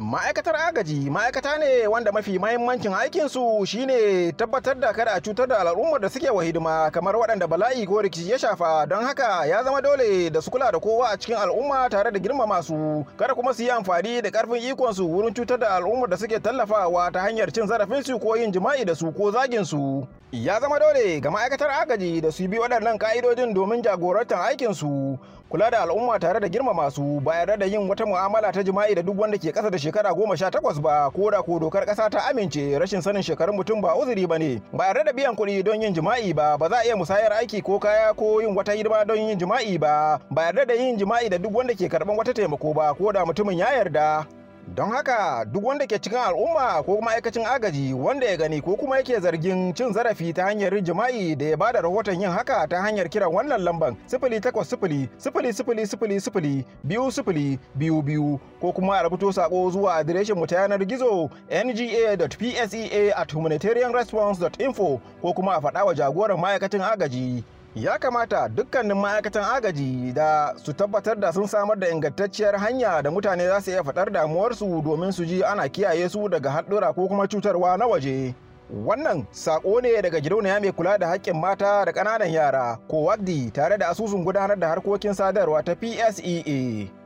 ma'aikatar agaji ma'aikata ne wanda mafi mahimmancin aikinsu shine tabbatar da kada a cutar da al'ummar da suke wa hidima kamar waɗanda bala'i ko rikici ya shafa don haka ya zama dole da su kula da kowa a cikin al'umma tare da girmama su kada kuma su yi amfani da karfin ikonsu wurin cutar da al'ummar da suke tallafawa ta hanyar cin zarafin su ko yin jima'i da su ko zagin su ya zama dole ga ma'aikatar agaji da su bi waɗannan ka'idojin domin jagorantar aikinsu kula da al'umma tare da girmama su ba yarda da yin wata mu'amala ta jima'i da duk wanda ke ƙasa da shekara goma sha takwas ba ko da ko dokar ƙasa ta amince rashin sanin shekarun mutum ba uzuri ba ne ba yarda da biyan kuɗi don yin jima'i ba ba za a iya musayar aiki ko kaya ko yin wata hidima don yin jima'i ba ba yarda da yin jima'i da duk wanda ke karɓan wata taimako ba ko da mutumin ya yarda don haka duk wanda ke cikin al'umma ko kuma aikacin agaji wanda ya gani ko kuma yake zargin cin zarafi ta hanyar jima'i da ya bada rahoton yin haka ta hanyar kiran wannan lamban sifili takwas sifili sifili sifili sifili sifili biyu sifili biyu biyu ko kuma a rubuto sako zuwa adireshin mu ta yanar gizo nga.psea e at humanitarianresponse.info ko kuma a faɗa wa jagoran ma'aikacin agaji ya kamata dukkanin ma'aikatan agaji da su tabbatar da sun samar da ingantacciyar hanya da mutane za su iya faɗar damuwarsu domin su ji ana kiyaye su daga haɗura ko kuma cutarwa na waje wannan saƙo ne daga gidauniya mai kula da haƙƙin mata da ƙananan yara ko wagdi tare da asusun gudanar da harkokin sadarwa ta psea